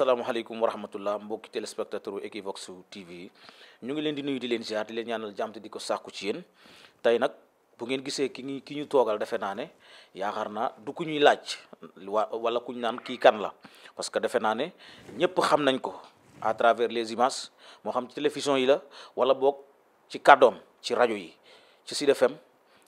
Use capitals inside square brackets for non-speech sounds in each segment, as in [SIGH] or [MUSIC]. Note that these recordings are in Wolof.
asalaamaaleykum wa rahmatullah mbokki téléspectateur u Equivox TV ñu ngi leen di nuyu di leen ziar di leen ñaanal jàmm di ko sàkku ci yéen tey nag bu ngeen gisee ki ñu ki ñu toogal defe naa ne yaakaar naa du ku ñuy laaj wa wala ku ñu naan kii kan la parce que defe naa ne ñëpp xam nañ ko à travers les images moo xam ci télévision yi la wala boog ci kàddoom ci rajo yi ci Sud FM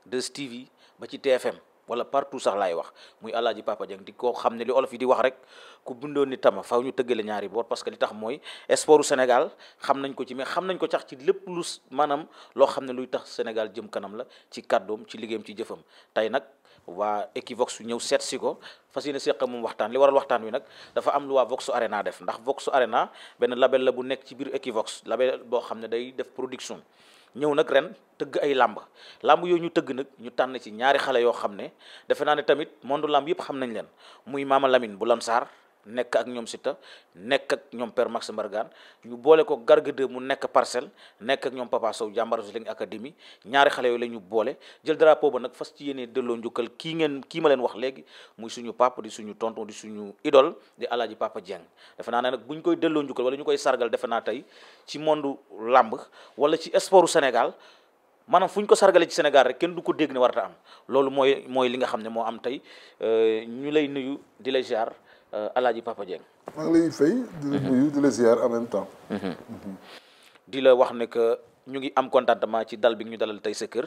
2STV ba ci TFM wala partout sax laay wax muy alaaji Papa Dieng di koo xam ne li olof yi di wax rek ku bundoon ni tama fa ñu tëggale ñaari boor parce que li tax mooy sportu Sénégal xam nañ ko ci mais xam nañ ko sax ci lépp lu maanaam loo xam ne luy tax Sénégal jëm kanam la ci kàddoom ci liggéeyam ci jëfam tey nag waa Equivox su ñëw seet si ko fas ne seq moom waxtaan li waral waxtaan wi nag dafa am lu waa Vox Arena def ndax Vox Arena benn label la bu nekk ci biir Equivox label boo xam ne day def production ñëw nag ren tëgg ay làmb làmb yooyu ñu tëgg nag ñu tànn ci ñaari xale yoo xam ne defe naa ne tamit monde làmb yëpp xam nañ leen muy Maama Lamine bu Lamsaar nekk ak ñoom Siteu nekk ak ñoom Père Max Mbargane ñu boole ko Garga 2 mu nekk parcelle nekk ak ñoom Papa Sow jàmbaar Wrestling Academy ñaari xale yooyu la ñu boole jël drapeau ba nag fas ci yéene delloo njukkal kii ngeen kii ma leen wax léegi muy suñu papa di suñu tonton di suñu idole di alaaji Papa Dieng defe naa ne nag bu ñu koy delloo njukkal wala ñu koy sargal defe naa tey ci monde làmb wala ci sportu Sénégal maanaam fu ñu ko sargalee ci Sénégal rek kenn du ko dégg ne warata am loolu mooy mooy li nga xam ne moo am tey euh, ñu lay nuyu di lay ziar Euh, Alaaji Papa Dieng. maa ngi lay fay. di la mm-hmm. Mm-hmm. wax ne ñu ngi am contentement ci dal bi ñu dalal tey sa kër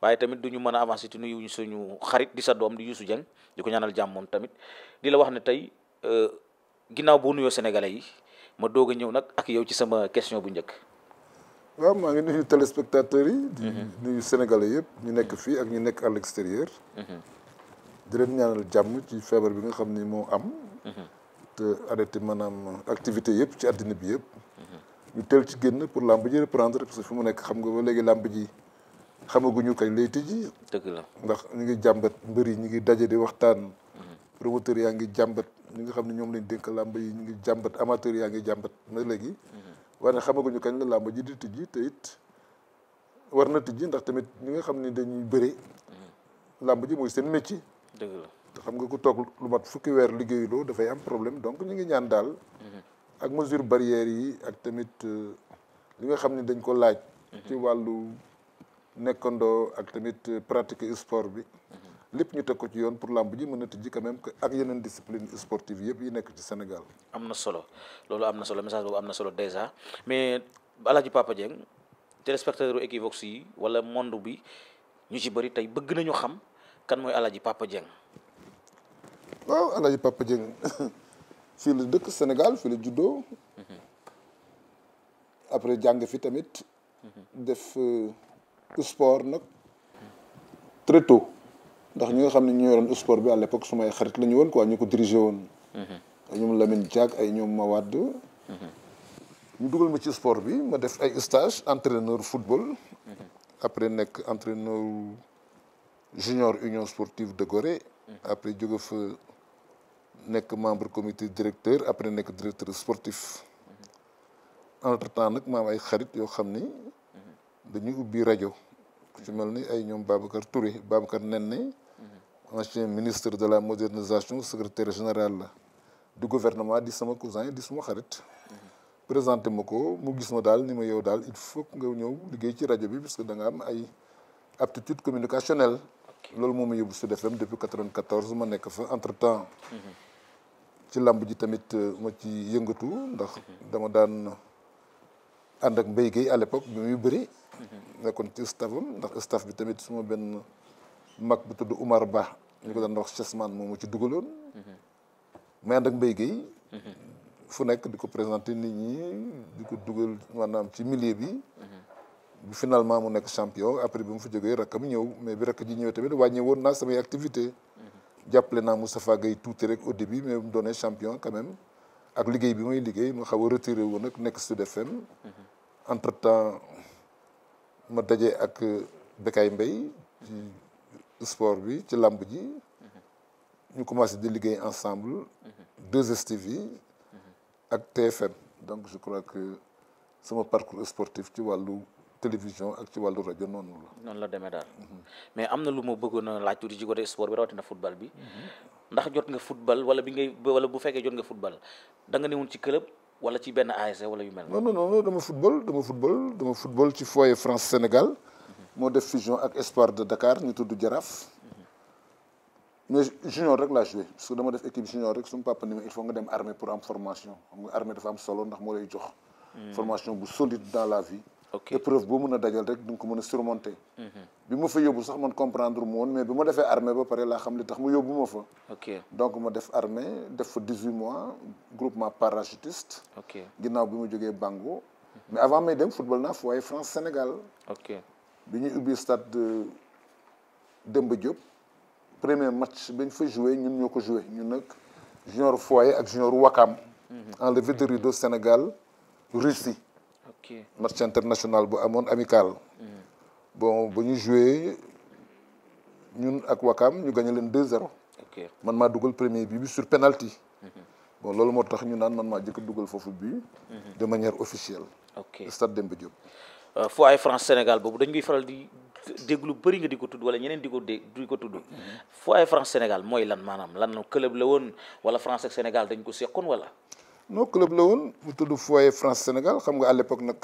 waaye tamit du ñu mën a avancer ci nuyu suñu xarit di sa doom di Youssou Dieng di ko ñaanal jàmm moom tamit di la wax ne tey euh, ginnaaw boo nuyoo sénégalais yi ma doog a ñëw nag ak yow ci sama question bu njëkk. waaw maa ngi nuyu téléspectateurs yi. di mm-hmm. nuyu sénégalais yëpp ñu nekk fii ak ñu nekk à l'extérieur. di leen ñaanal jàmm ci feebar bi nga xam ni moo am. te arrêté maanaam activité yëpp ci addina bi yëpp. ñu teel ci génn pour làmb ji reprendre parce que fu mu nekk xam nga léegi làmb ji xamaguñu kañ lay tijji. dëgg la ndax ñu ngi jàmbat mbër yi ñu ngi daja di waxtaan. Mhm. promoteurs yaa ngi jàmbat ñi nga xam ne ñoom lañ dénk làmb yi ñu ngi jàmbat amateurs yaa ngi jàmbat na léegi. Mhm. waaye xamaguñu kañ la làmb ji di tijji te it war na tijji ndax tamit ñi nga xam ni dañuy bëre. Mhm. làmb ji mooy seen métier. dëgg la xam nga ku toog lu mat fukki weer liggéeyuloo dafay am problème donc ñu ngi ñaan daal ak mesure barrières yi ak tamit euh, li nga xam ne dañ ko laaj ci wàllu nekkandoo ak tamit euh, pratique sport bi lépp ñu teg ko ci yoon pour làmb ji mën a tijji quand même que ak yeneen discipline sportive yëpp yi nekk ci Sénégal. am na solo loolu am na solo message boobu am na solo déjà mais Alaaji Papa Dieng téléspectateur Equivox yi wala monde bi ñu ci bëri tey bëgg nañu xam kan mooy Alaaji Papa Dieng. waaw Alaaji Papa Dieng [LAUGHS] fii la dëkk Sénégal fii la juddoo après jàng fi tamit def euh, sport nag très ndax ñi nga xam ne ñu yoroon sport bi à l'époque sumay xarit la ñu woon quoi ñu ko dirigé woon ay ñoom Lamine Diack ay ñoom Mawade ñu dugal ma ci sport bi ma def ay stage entraîneur football après nekk entraîneur junior union sportive de Gorée après jóge fa nekk membre comité directeur après nekk directeur sportif mhm. entre temps nag ma ay xarit yoo xam ni mhm. dañuy ubbi rajo ku ci mel ni ay ñoom Babacar Touré nen Nenne mhm. ancien ministre de la modernisation secrétaire général la du gouvernement di sama cousin di suma xarit présenté ma ko mu gis ma daal ni ma yow daal il faut nga ñëw liggéey ci rajo bi parce que da nga am ay aptitude communicationnelle loolu moo ma yóbbu Sud FM depuis 94 ma nekk fa entre temps ci làmb ji tamit euh, ma ci yëngatu ndax dama daan ànd ak Mbaye Guèye à l'époque bi muy bëri nekkoon ci staffam ndax staff bi tamit suma benn mag bu tudd Umar Ba ñu ko daan wax Chessman moom mu ci dugaloon may ànd ak Mbaye fu nekk di ko présenté nit ñi di ko dugal maanaam ci millier bi bu finalement mu nekk champion après bi mu fa jógee rakkam ñëw mais bi rakk ji ñëwee tamit wàññi woon naa samay activité jàppale naa Moustapha Gueye tuuti rek au début mais mu doonee champion quand ak liggéey bi muy liggéey ma xaw a retiré wu nag nekk Sud FM. Mhm. entre temps ma daje ak euh, Bekay Mbaye ci sport bi ci làmb ji. Mhm. ñu commencé di liggéey ensemble. 2STV mhm. ak TFM donc je crois que sama parcours sportif ci wàllu. télévision ak ci wàllu rajo noonu la. noonu la deme daal. mais am na lu ma bëggoon a laaj tuuti ci côté sport bi rawatina football bi. ndax jot nga football wala bi ngay wala bu fekkee jot nga football da nga newoon ci club wala ci benn ASC wala yu mel. non non non dama football dama football dama football ci foyer France Sénégal. moo def fusion ak Espoir de Dakar ñu tudd Jaraaf. mais junior rek laa joué parce que dama def équipe junior rek suñu papa ni ma il faut nga dem armée pour am formation xam nga armée dafa am solo ndax moo lay jox. formation bu solide dans la épreuve bu mun a dajal rek du duñ ko mën a surmonter mhm. bi ma fa yóbbu sax man comprendre mu woon mais bi ma defee armée ba pare laa xam li tax mu yóbbu ma fa donc ma def armée def fa dix-huit mois groupement parachutiste ginnaaw bi ma jógee Bango mais avant may dem football naa foyer France Sénégal bi ñuy ubbi stade de ba Diop premier match bañ fa joué ñun ñoo ko joué ñun nag junior foyer ak junior Wakam mhm. enlevé de rideau Sénégal Russie match international bu amoon amical. Mm-hmm. bon ba ñu joué ñun ak wakaam ñu gagné leen 2-0. man maa dugal premier bi bi sur penalty. Mm-hmm. bon loolu moo tax ñu naan man maa jëkk dugal foofu bi mm-hmm. de manière officielle. ok stade Demba Diop. Euh, foo ay France Sénégal boobu dañ koy faral di déglu bëri nga di ko tudd wala ñeneen di ko dé di ko tudd. foo ay France Sénégal mooy lan maanaam lan club la woon wala France ak Sénégal dañ ko seqoon wala. non club la woon bu tudd foyer France Sénégal xam nga à l'époque nag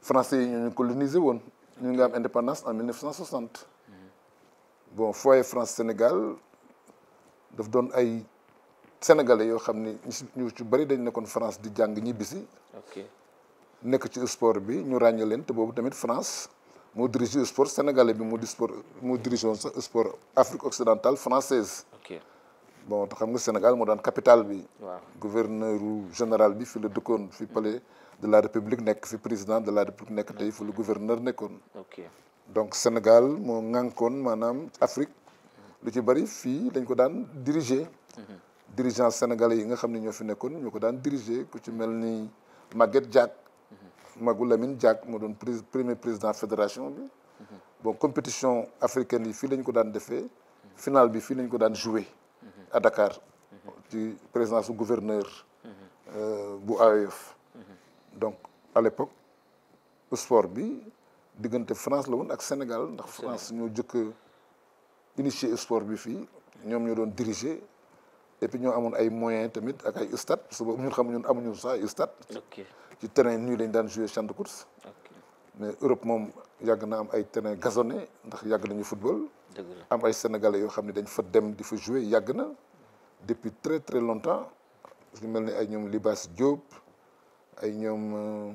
français yi ñoo ñu colonisé woon ñu ngi am indépendance en 1960 bon foyer France Sénégal daf doon ay sénégalais yoo xam ni ñu ci bëri dañ nekkoon France di jàng ñibbisi. ok nekk ci sport bi ñu ràññee leen te boobu tamit France moo dirigé sport sénégalais bi moo di sport moo dirigeoon sax sport Afrique occidentale française bon te xam nga Sénégal moo daan capital bi. waaw gouverneur général bi fi la dëkkoon fi palais de la république nekk fi président de la république nekk tey fi la gouverneur nekkoon. ok donc Sénégal moo ŋànkoon maanaam Afrique lu ci bari fii dañ ko daan diriger. Mhm. dirigeant sénégalais yi nga xam ne ñoo fi nekkoon ñoo ko daan diriger ku ci mel ni Maguette Diack. Mhm. Magu Lamine Diack moo doon premier président fédération bi. Mhm. boo compétition africaine yi fii lañ ko daan defee. final bi fii lañ ko daan jouer. à Dakar ci présidence du gouverneur euh, bu AEF donc à l'époque sport bi diggante France la woon ak Sénégal ndax France ñoo jëkk initier sport bi fii ñoom ñu doon diriger et puis ñoo amoon ay moyens tamit ak ay stade parce que ñun xam ñun amuñu sax ay stade ci terrain nii lañ daan jouer champ de course mais Europe moom yàgg na am ay terrain gazonné ndax yàgg nañu football. am ay sénégalais yoo xam ne dañ fa dem di fa jouer yàgg na depuis très très longtemps ñu mel ni ay ñoom Libas Diop ay ñoom euh,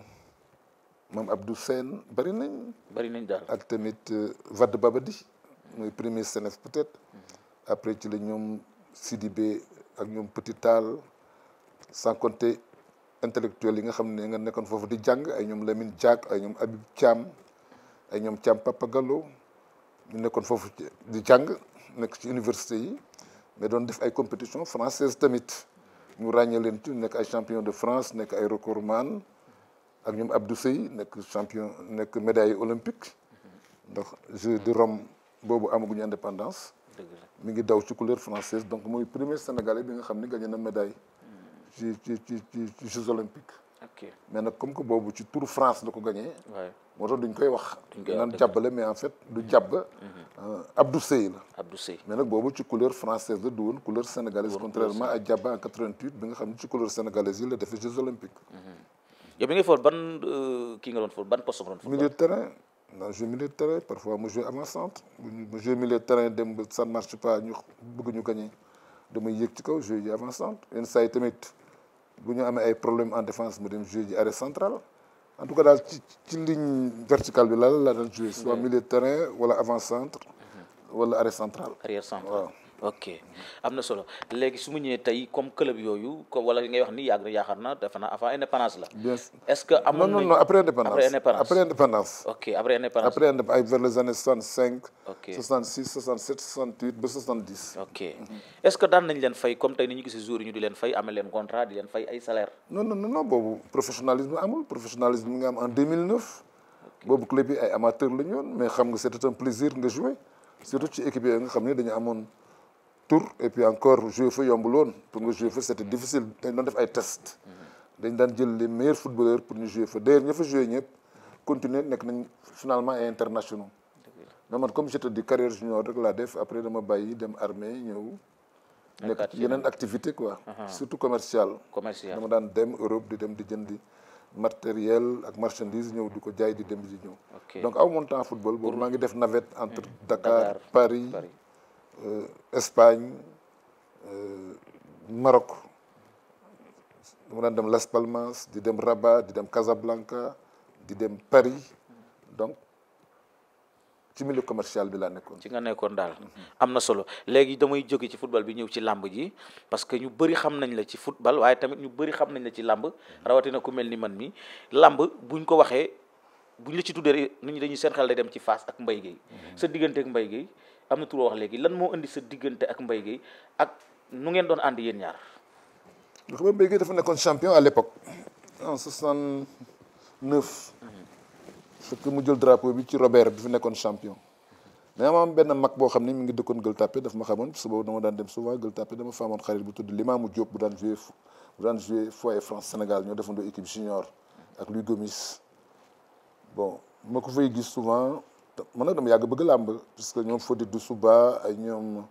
Mame Abdou Sène bari nañ. bari nañ daal ak tamit euh, Wade Babadi mooy premier CNF peut-être mhm. après ci la ñoom Sidibé ak ñoom Petit Tall sans intellectuel yi nga xam ne nga nekkoon foofu di jàng ay ñoom Lamine Diack ay ñoom Habib caam ay ñoom Thiam Papa ñu nekkoon foofu di jàng nekk ci université yi mais doon def ay compétition française tamit ñu ràññee leen ci nekk ay champion de France nekk ay recordman ak ñoom Abdou Seye nekk champion nekk médaille olympique ndax Jeux de Rome boobu amaguñu indépendance mi ngi daw ci couleur française donc mooy premier sénégalais bi nga xam ni gagné na ci ci ci ci Jeux olympiques. ok mais nag comme que boobu ci Tour France la ko gagné. moo tax duñ koy wax. duñ koy wax mais en fait du jàbb. Mm-hmm. Abdou Seye la. Abdou boobu ci couleur française la du couleur sénégalaise. contrairement à jàbba en 88 bi nga xam ne ci couleur sénégalaise yi la defee Jeux olympiques. Mm-hmm. yow mi ngi foot ban euh, kii nga doon foot ban poste nga doon foot. milieu de terrain. naa joué milieu de terrain parfois mu joué avant bu ñu amee ay problème en défense mu dem jouer ji arrêt central en tout cas daal ci ci ligne verticale bi la la daan jouer soit milieu de terrain wala avant centre mhm. wala arrêt central. arrière central ok am na solo léegi su mu ñëwee tey comme club yooyu ko wala wax ni yàgg na yaakaar na dafa na avant indépendance la. est ce que amoon non non après mhm. est ce que daan nañ leen fay comme tey ni ñu gisee jour yi ñu di leen fay amee leen contrat di leen fay ay salaire. non non non boobu professionnalisme amul professionnalisme nga am en 2009. boobu club yi ay amateurs la ñu woon mais xam nga c' nga jouer surtout ci équipe yooyu nga xam ne dañu amoon. tour et puis encore jouer fa yombul woon pour nga jouer fa c'était difficile dañ doon def ay test dañ daan jël les meilleurs footballeurs pour ñu jouer fa d'ailleurs ña fa jouer ñëpp continuer nekk nañ finalement ay internationaux mais man comme je te dis carrière junior rek laa def après dama bàyyi dem armée ñëw nekk yeneen activité quoi surtout commercial commercial dama daan dem Europe di dem di jëndi matériel ak marchandise ñëw di ko jaay di dem di ñëw donc aw mon temps football boobu maa ngi def navette entre hmm. Dakar Paris Euh, Espagne euh, Maroc dama daan dem Las Palmas di dem Rabat di dem Casablanca di dem Paris donc ci milieu commercial bi laa nekkoon. ci nga nekkoon daal am na solo léegi damay jóge ci football bi ñëw ci làmb ji parce que ñu bëri xam nañ la ci football waaye tamit ñu bëri xam nañ la ci làmb rawatina ku mel ni man mi làmb buñ ko waxee buñ la ci tuddee nit ñi dañuy seen xel day dem ci Fass ak Mbaye Guèye sa diggante ak Mbaye Guèye am na tur wax léegi lan moo indi sa diggante ak Mbaye Guèye ak nu ngeen doon ànd yéen ñaar. xam nga Mbaye Guèye dafa nekkoon champion à l'époque en 69. Mhm. fekk mu jël drapeau bi ci Robert bi fi nekkoon champion. mais am benn mag boo xam ne mi ngi dëkkoon Gueule Tapée daf ma xamoon parce que boobu dama daan dem souvent Gueule Tapée dama fa xarit bu tudd Limamou Diop bu daan joué bu daan joué France Sénégal ñoo defandoo équipe junior ak Louis Gomis bon mën nag dem yàgg bëgg làmb parce que ñoom Fodé Doussouba ay ñoom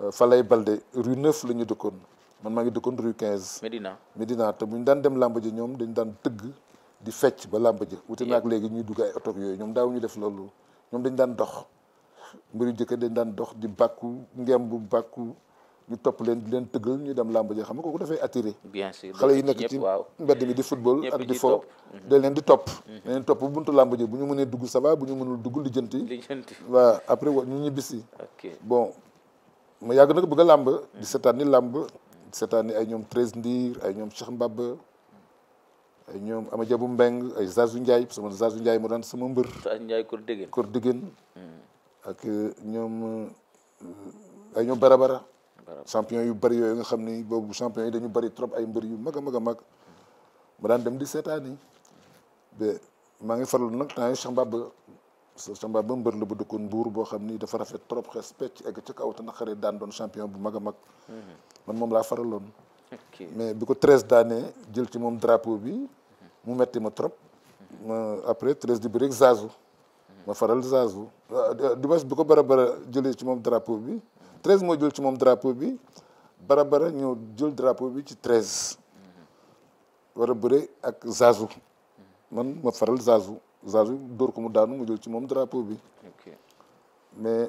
euh, Falay Balde rue neuf la ñu dëkkoon man maa ngi dëkkoon rue quinze Medina Medina te bu ñu daan dem làmb ji ñoom dañ daan tëgg di fecc ba làmb ji wuti naak léegi ñuy dugg ay oto yooyu ñoom daaw ñu def loolu ñoom dañ daan dox mbiru jëkk dañ daan dox di bàkku ngemb bàkku ñu topp leen di leen tëggal ñu dem làmb ji xam nga kooku dafay attiré. bien sûr xale yi nekk ci mbedd mi di football ak di fo. da leen di topp. Mhm. da leen topp buntu làmb ji bu ñu mënee dugg ça bu ñu mënul dugg lijjanti. lijjanti waaw après ñu ñibbisi. ok bon ma yàgg nag bëgg a làmb. di mhm. seetaan ni làmb. di seetaan ni ay ñoom Treize Ndir ay ñoom Cheikh Mbaba. ay ñoom Amadou Mbeng ay Zazu Ndiaye sama Zazu Ndiaye moo daan sama mbër. Zazu Ndiaye Kër Degen Kër Degen. Mhm. ak euh, ñoom euh, ay ñoom Barabara. champion yu bëri yooyu nga xam ni boobu champion yi dañu bëri trop ay mbër yu mag a mag a mag ma daan dem di seetaan yi ba maa ngi farlu nag temps yi Cheikh Mbaba Cheikh Mbaba mbër la bu dëkkoon Mbuur boo xam ni dafa rafet trop xes pecc egg ca kaw na naqaree daan doon champion bu mag a mag mhm. man moom laa faraloon mais bi ko treize daanee jël ci moom drapeau bi mu metti ma trop ma après treize di bi rek zazu ma faral zazu ah, dimanche bi ko bara bara jëlee ci moom drapeau bi treize moo jël ci moom drapeau bi barabara ñëw jël drapeau bi ci treize. war a bëre ak Zazu. man ma faral Zazu Zazu dóor ko mu daanu mu jël ci moom drapeau bi. mais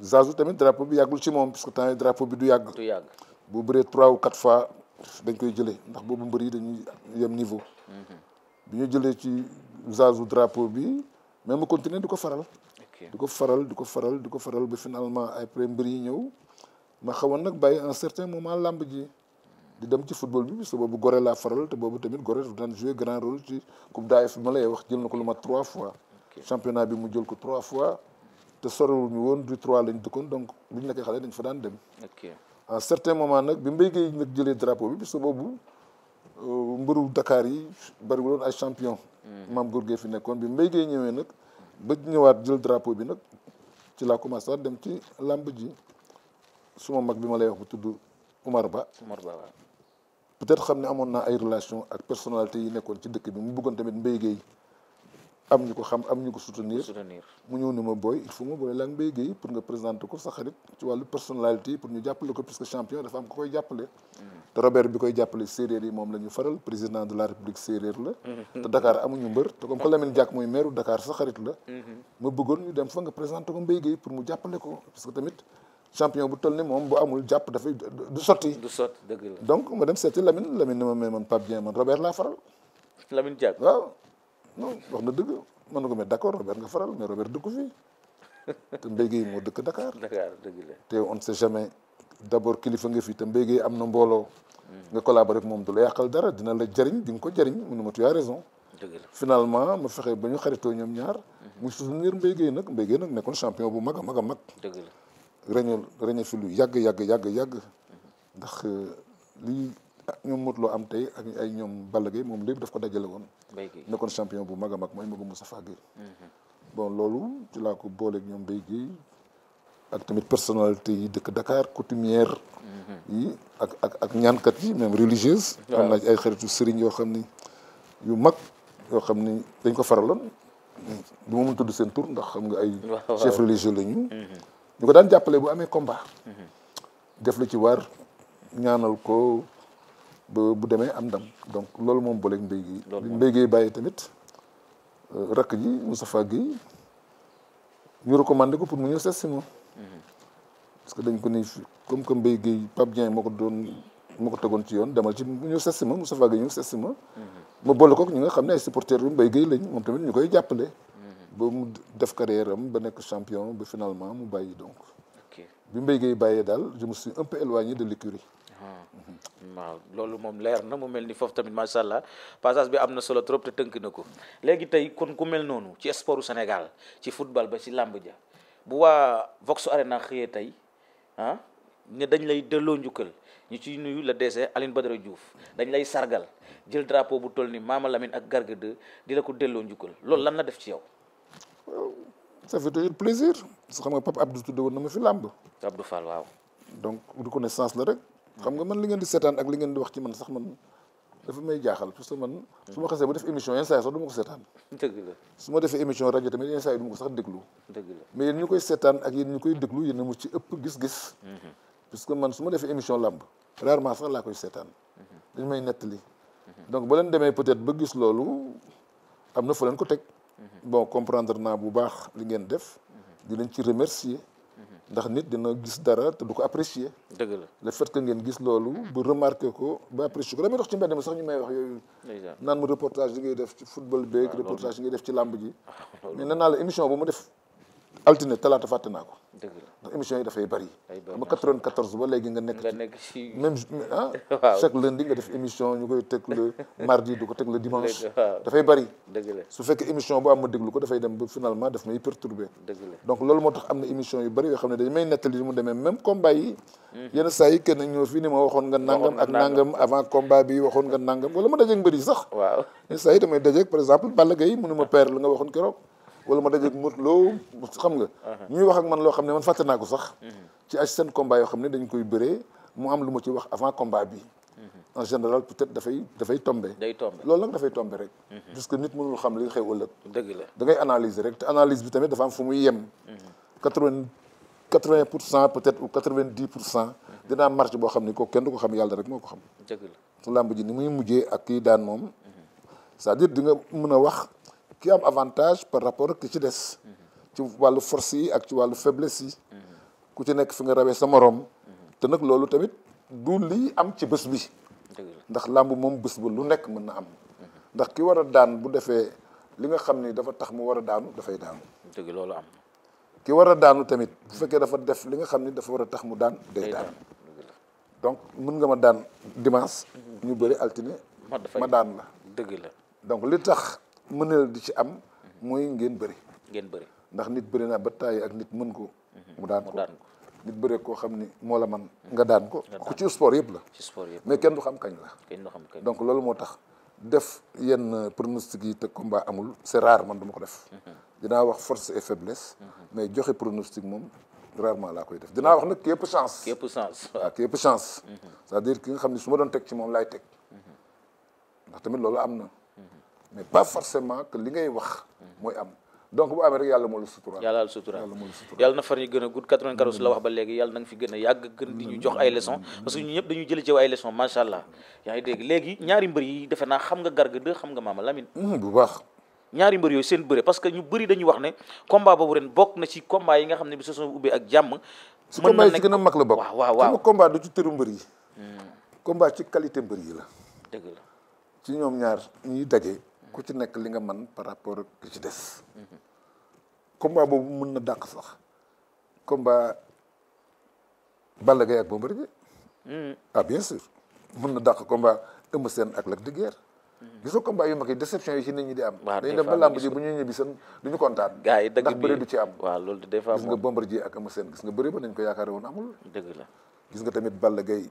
Zazu tamit drapeau bi yàggul ci moom parce que temps drapeau bi du yàgg. yàgg bu bëree trois ou quatre fois dañ koy jëlee ndax boobu mbër yi dañuy yem niveau. Mhm. bi ñu jëlee ci Zazu drapeau bi mais ma continuer di ko faral. di ko faral di ko faral di ko faral ba finalement après mbir yi ñëw ma xawoon nag bàyyi un certain moment làmb ji di dem ci football bi parce que boobu Gorée laa te boobu tamit Gorée daf daan jouer grand rôle ma lay wax ko lu mat trois fois championnat bi mu jël ko trois fois te sorewul ñu woon du trois lañ dëkkoon donc bu ñu nekkee xale dañ fa daan dem à certain moment nag bi Mbaye Guèye nag jëlee drapeau bi parce que boobu euh, mbiru dakaar yi bariwuloon ay champion hmm. maam Gorgé fi nekkoon bi mbay Guèye ñëwee nag ba ñëwaat jël drapeau bi nag ci laa commencé dem ci làmb ji suma mag bi ma lay wax bu tudd Umar Ba. Umar Ba peut-être xam ne amoon na ay relation ak personnalité yi nekkoon ci dëkk bi mu buggoon tamit mbéy géey am ñu ko xam am ñu ko soutenir mu ñëw ne ma booy il faut ma booy Lang Mbaye Guèye pour nga présenter ko sa xarit ci wàllu personnalité pour ñu jàppale ko ko koy jàppale mm. te Robert bi koy moom la ñu faral président de la république séeréer la mm-hmm. te Dakar amuñu mbër te comme que Lamine Diack mooy maire Dakar sa xarit la mm-hmm. ma bëggoon ñu dem fa nga présenter ko Mbaye Guèye pour mu jàppale ko parce que tamit champion bu toll ni moom bu amul jàpp dafay du sotti du sotti dëgg donc ma dem seeti Lamine Lamine ne ma mais man Pape Dieng non wax na dëgg mën na ko me d'accord Robert nga faral mais Robert dëkku fii [LAUGHS] te Mbaye moo dëkk Dakar. Dakar dëgg te on ne sait jamais d'abord kilifa nga fi te Mbaye am na mbooloo. Hmm. nga collaborer moom du la yàqal dara dina la jariñ di nga ko jariñ mu ne ma tu as raison. finalement ma fexe ba ñu xaritoo ñoom ñaar. Hmm. mu souvenir Mbaye Guèye nag Mbaye nag nekkoon champion bu mag a mag a mag. dëgg la reñu fi lu yàgg yàgg yàgg yàgg hmm. ndax euh, ah ñoom Modou Lo am tey ak ay ñoom Balla Gaye moom lépp daf ko dajale woon. nekkoon champion bu mag a mag mooy magu Moustapha Guèye. Mhm. bon loolu ci laa ko booleeg ñoom Mbaye Guèye ak tamit personnalité yi dëkk Dakar coutumière. Mhm. ak ñaankat yi même religieuse. am na ay xaritu sëriñ yoo xam ni yu mag yoo xam ni dañ ko faraloon. du ma mën tudd seen tur ndax xam nga ay. chef religieux la mhm. daan jàppale bu amee combat. def la ci waar ñaanal ko. ba bu demee am ndam donc loolu moom booleeg Mbaye Guèye. loolu Mbaye Guèye bàyyi tamit euh, rakk ji Moustapha Guèye ñu recommandé ko pour mu ñëw seet si moom. Mhm. parce que dañ ko ni comme que Mbaye Guèye Pape Dieng moo ko doon moo ko ci yoon demal ci mu ñëw seet si ma Moustapha Guèye ñu seet si ma. ma mhm. boole kook ñi nga xam ne ay supporters yu mbay Guèye lañ moom tamit ñu koy jàppale. Mhm. ba mu def carrière am ba nekk champion ba finalement mu bàyyi donc. bi Mbaye Guèye bàyyee daal je me suis un peu de l'écurie Mm-hmm. waaw loolu moom leer na mu mel ni foofu tamit macha allah passage bi am na solo trop te tënk na ko léegi tey kon ku mel noonu ci sportu Sénégal ci football ba ci làmb ja bu waa Vox Arena xëyee tey ah ne dañ lay delloo njukkal ñu ci nuyu la DG Alioune Badara juuf dañ lay sargal jël drapeau bu toll ni Mama Lamine ak Garga dë di la ko delloo njukkal loolu lan la def ci yow. sa fait toujours plaisir parce que xam nga Papa Abdou tudde woon na ma fi làmb. Abdou Fall waaw. donc xam nga man li ngeen di seetaan ak li ngeen di wax ci man sax man dafa may jaaxal parce que man su ma xasee bu def émission yenn saa yi sax ma ko seetaan dëgg su ma defee émission rajo tamit yenn saa yi du ko sax déglu dëgg la mais yéen ñu koy seetaan ak yéen ñu koy déglu yéen a mu ci ëpp gis-gis mhm. parce que man su ma defee émission làmb rarement sax laa koy seetaan mhm. dañ may nettali mhm. donc ba leen demee peut-être ba gis loolu am na fa leen ko teg bon comprendre naa bu baax li ngeen def di leen ci ndax nit dina gis dara te du ko apprécier. dëgg la le fait ngeen gis loolu ba remarqué ko ba apprécier ko damay dox ci mbedd mi sax ñu may wax naan ma reportage yi ngay def ci football beeg. Ah, reportage yi ngay def ci làmb ji. Ah, mais nee naa la émission bu mu def. altine talaata fàtte naa ko. dëgg la ndax émission yi dafay bari. ay bari ba 94 ba léegi nga nekk. nga nekk ci [LAUGHS] ah. chaque lundi nga def émission ñu koy teg le [LAUGHS] mardi du ko teg le dimanche. dafay bari. dëgg la su fekkee émission bu am ma déglu ko dafay dem ba finalement daf may donc loolu moo tax am na émission yu bari yoo xam ne dañu may nettali mu demee même combat yi. Mhm. yenn saa yi kenn ñëw fii ni ma waxoon nga nangam ak nangam avant combat bi waxoon nga nangam wala ma dajeeg mbëri ah. waxoon keroog wala ma dajeeg mu Lo xam nga. Uh-huh. ñuy wax ak man loo xam ne man fàtte naa ko sax. Uh-huh. ci ay seen combat yoo xam ne dañ koy bëree mu am lu ma ci wax avant combat bi. Uh-huh. en général peut-être dafay dafay tombé. day tombé loolu nag dafay tombé rek. puisque nit mënul xam li xew ëllëg. dëgg la da ngay analyser rek te analyse bi tamit dafa am fu muy yem. quatre vingt quatre vingt pour cent peut-être ou quatre vingt dix pour cent. dinaa marche boo xam ne ko kenn du ko xam yàlla rek moo ko xam. dëgg la su làmb ji ni muy mujjee ak kii daan moom. c'est-à-dire di nga mën a wax. ki am avantage par rapport ak ki ci des ci wàllu force yi ak ci wàllu faiblesse yi ku ci nekk fi nga rawee sa moroom te nag loolu tamit du li am ci bés bi ndax làmb moom bés ba lu nekk mën na am ndax ki war a daan bu defee li nga xam ni dafa tax mu war a daanu dafay daanu dëgg loolu ki war a daanu tamit bu fekkee dafa def li nga xam ni dafa war a tax mu daan day daan donc mën nga ma daan dimanche ñu bëri altine ma daan la dëgg la donc li tax mëneel di ci am mooy ngeen bëri ngeen bëri ndax nit bëri naa ba tàyyi ak nit mën mhm. ko mu daan ko nit bëri koo xam ni moo la man nga daan ko ku ci sport yëpp la ci sport yëpp mais kenn du xam kañ la kenn du xam kañ donc loolu moo tax def yenn pronostic yi te mbaa amul c'est rare man duma ko def mhm. dinaa wax force et faiblesse mhm. mais joxe pronostic moom rarement laa koy def dinaa wax nag képp chance képp chance waaw képp chance c'est-à-dire ki nga xam ne su ma doon teg ci moom laay teg ndax tamit loolu am na mais pas forcément que li ngay wax mooy am donc bu amee rek yàlla moo la suturaal yàlla la suturaal yàlla na far ñu gën a gudd 94 la wax ba léegi yàlla na fi gën a yàgg gën di ñu jox ay leçons parce que ñu ñëpp dañuy jëlee ci ay leçons macha allah yaa dégg léegi ñaari mbër yi defe naa xam nga Garga 2 xam nga Mama Lamine hmm, bu baax ñaari mbër yooyu seen bëre parce que ñu bëri dañuy wax ne combat boobu ren bokk na ci combat yi nga xam ne bi saison ubbee ak jàmm a mag la bokk waaw waaw hmm. yi la dëgg la ci ñoom ñaar ñuy daje ku ci nekk li nga man par rapport ak li ci des combat boobu mën na dàq sax combat Balla Gaye ak Bombardier hmm. ah bien sûr mën na dàq combat Eumeu Sène ak Lac de Guiers hmm. gisoo combat yu mag yi yi ci nit ñi di dem ba làmb ji bu ñuy ñibbi yi dëgg ndax am waaw loolu des fois gis nga Bombardier ak Eumeu Sène gis nga bëri ba nañ ko yaakaare woon amul dëgg la gis nga tamit Balla Gaye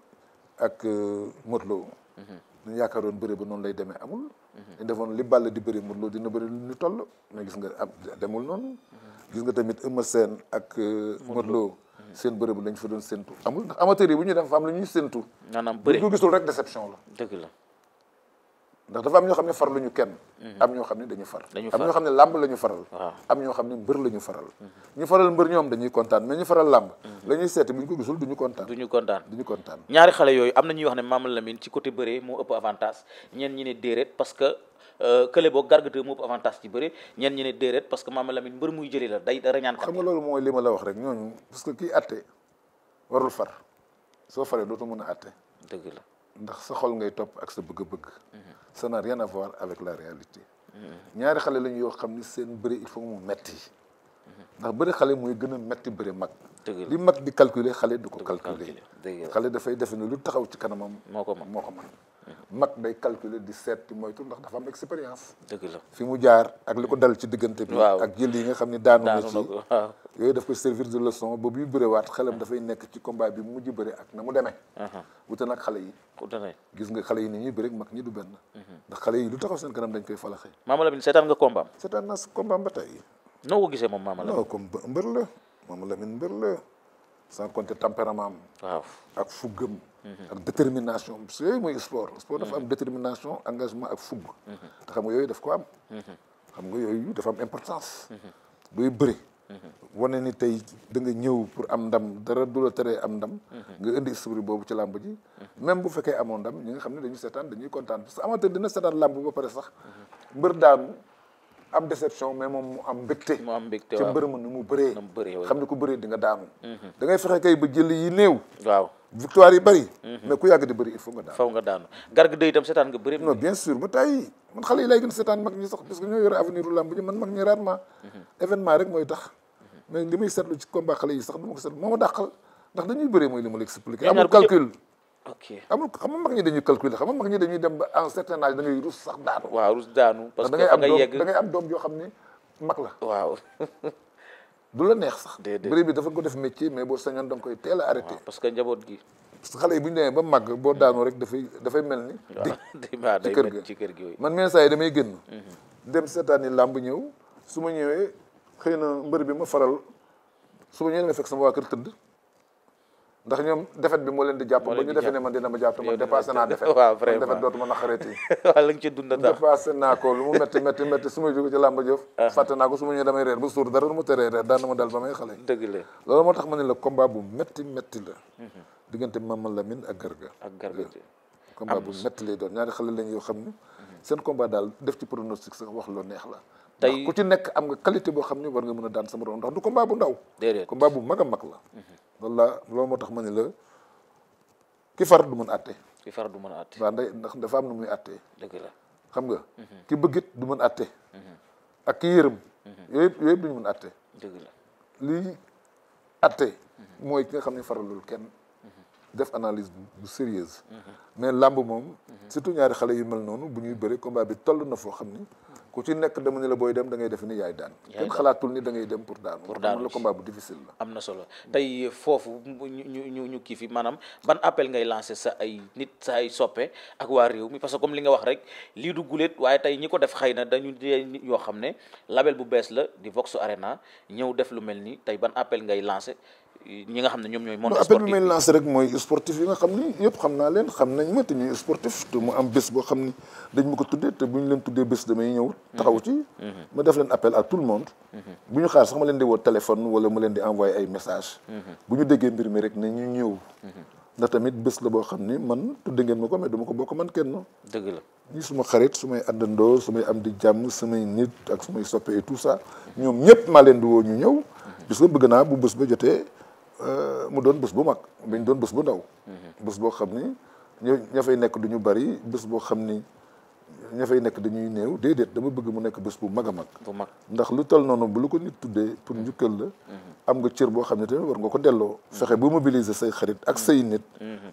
ak euh, Modou ni ñu yaakaaroon bëri noonu lay demee amul mhm. ñu defoon li bàll di bëri Modou Lo dina bëri lu ñu toll mais gis nga ab demul noonu mhm. gis nga tamit Eumeu euh, mhm. seen ak Modou seen bërëb bu lañ fa doon séntu amul ndax amateurs bu ñuy dem fa am la ñuy séntu maanaam bëri bu ñu ko gisul rek déception la dëgg la ndax dafa am ñoo xam ne farlu ñu kenn mhm. am ñoo xam ne dañu far am ñoo xam ne làmb la ñu faral am ñoo xam ne mbër la ñu faral mhm. ñu faral mbër ñoom dañuy kontaan mais ñu faral làmb mhm. la ñuy seeti bu ñu ko gisul duñu kontaan duñu kontaan duñu kontaan ñaari xale yooyu am na ñuy wax ne Mama Lamine ci côté bëree moo ëpp avantage ñeen ñi ne déeréet parce que euh, kële boog gargateur moo ëpp avantage ci bëre ñeen ñi ne déeréet parce que Mama Lamine mbër muy jëli la day rañaan xam nga loolu mooy li ma la wax rek ñooñu warul far soo faree dootu mën a atte dëgg la ndax sa xol ngay topp ak sa bëgg-bëgg. sa mhm. n'a rien à avec la réalité. Mhm. ñaari xale lañu yoo xam ni seen bëri il faut mu metti mhm. ndax bëri xale mooy gën a metti bëri mag. li mag di calculer xale du ko calculer. xale dafay defe ne lu taxaw ci kanamam. moo ko mën moo ko mën. mag day calculer di seet di moytu ndax dafa am expérience. dëgg la fi mu jaar ak li ko dal ci diggante bi. ak jël yi nga xam ni daanu na ci yooyu daf koy servir de leçon ba buy bëriwaat xelam ah. dafay nekk ci combat bi mu mujj bëri ak na mu demee. Uh-huh. wute nag xale yi. gis nga xale ni ñuy bëri mag ñi uh-huh. xale yi lu taxaw seen kanam dañ koy falaxe. Mama Lamine seetaan nga kombaam. seetaan naa si kombaam ba tey. noo ko gisee moom Mama Lamine. non comme mbër tempérament waaw ak fuggam Mm-hmm. ak détermination parce que yooyu mooy sport sport dafa am mm-hmm. détermination engagement ak fugg mm-hmm. te xam nga yooyu daf ko am xam nga yooyu dafa am importance booy bëri wane ni tey da nga ñëw pour am ndam dara du la tere am ndam nga indi esprit boobu ci làmb ji même bu fekkee amoon ndam ñi nga xam ne dañuy seetaan dañuy kontaan parce que amateur dina seetaan làmb ba pare sax mbër daanu am déception mais moom mu am mbégte. mu am mu bëree. nu mu bëree xam ne ku bëree di nga daanu. Mhm. da ngay fexe kay ba jël yi néew. waaw victoire yi bëri. Mhm. mais ku yàgg di bëri il faut nga daanu. faw nga daanu garga dëy itam seetaan nga bëri. non bien sûr ma tay man xale yi lay gën seetaan mag ñi sax u làmb ji man mag mhm. rek mooy tax. mais li muy seetlu ci combat xale yi sax du ma ko seetlu moo ma dàqal bëree mooy li ma la expliqué. amul calcul ok amul xam nga mag ñi dañuy calculer xam nga mag ñi dañuy dem ba en certain âge da ngay rus sax daanu. waaw rus daanu. parce que da ngay am doom da mag la. waaw. du la neex sax. déedéet bi dafa ko def métier mais boo sañoon da nga teel a arrêté. parce que njaboot gi. parce que xale yi bu ñu demee ba màgg boo mm. daanoo rek dafay dafay mel ni. waaw [LAUGHS] day mel ci kër gi man meen saa yi damay génn. Mm-hmm. dem seetaan ni làmb ñëw su ma ñëwee xëy na mbër bi ma faral su ma ñëwee damay fekk sama waa kër tëdd. ndax ñoom defet bi moo leen di jàpp ba ñu defee ne man dina ma jàpp man dépassé naa defet [LAUGHS] waaw vraiment defet dootuma naqareeti [LAUGHS] waaw la nga daal dépassé naa ko lu mu métti métti ah. mhm. euh, mhm. def ci pronostic sax wax loo neex la tey ku ci nekk am nga qualité boo xam ne war nga mën a daan sama rom ndax du combat bu ndaw déedéet bu mag a mag la mhm. loolu laa loolu moo tax ma ne la ki far du mën àtte. ki far du mën a àtte. waaw ndax dafa am nu muy àtte. dëgg la xam nga. Mhm. ki bëggit du mën àtte. Mhm. ak ki yërëm. Mhm. yooyu yëpp yooyu ñu mën àtte. dëgg lii àtte. mooy ki nga xam ne faralul kenn. def analyse bu sérieuse mais làmb moom. surtout ñaari xale yu mel noonu bu ñuy bëri combat bi toll na foo xam ni. ku ci nekk dama la booy dem dangay ngay def ni yaay daan kenn xalaatul ni da ngay dem pour daanu pour daanu la combat am na solo tey foofu ñu ñu ñu kii fi maanaam ban appel ngay lancé sa ay nit sa ay soppe ak waa réew mi parce que comme li nga wax rek lii du guléet waaye tey ñi ko def xëy na dañu dee nit yoo xam ne label bu bees la di Vox Arena ñëw def lu mel ni tey ban appel ngay lancé ñi nga xam ne ñoom ñooy monde sportif appel bi lancé rek mooy sportif yi nga xam ni yëpp xam naa leen xam nañ ma te ñuy sportif te mu am bés boo xam ni dañ ma ko tuddee te bu ñu leen tuddee bés damay ñëw taxaw ci mhm. ma def leen appel tout le monde mhm. bu ñu xaar sax leen di woo téléphone wala ma leen di envoyé ay message mhm. bu ñu déggee mbir mi rek na ñu ñëw ndax tamit bés la boo xam ni man tudde ngeen ma ko mais dama ko bokk man kenn dëgg la ñi suma xarit sumay àndandoo sumay am di jàmm sumay nit ak sumay soppe et tout ça ñoom ñëpp maa leen di woo ñu ñëw bis bëgg naa bu bés ba jotee Euh, mu doon bés bu mag bañ doon bés bu ndaw mhm. bés boo xam ni ñoo ña fay nekk du ñu bari bés boo xam ni ña fay nekk dañuy néew déedéet dama bëgg mu nekk bés bu mag a mag ndax lu tal noonu bu lu ko nit tuddee pour mm-hmm. njukkal la mm-hmm. am nga cër boo xam ne tamit war nga ko delloo mm-hmm. fexe bu mobiliser say xarit ak say nit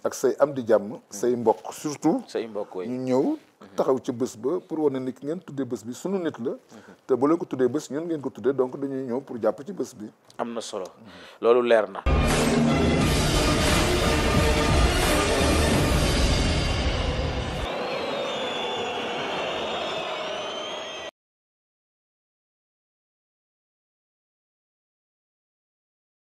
ak say am di jàmm say mboq surtout say mbokk ñu ñëw taxaw ci bës ba pour wane ni ngeen tuddee bés bi suñu nit la te bu leen ko tuddee bés ñun ngeen ko tuddee donc dañuy ñëw pour jàpp ci bés bi am na solo loolu leer na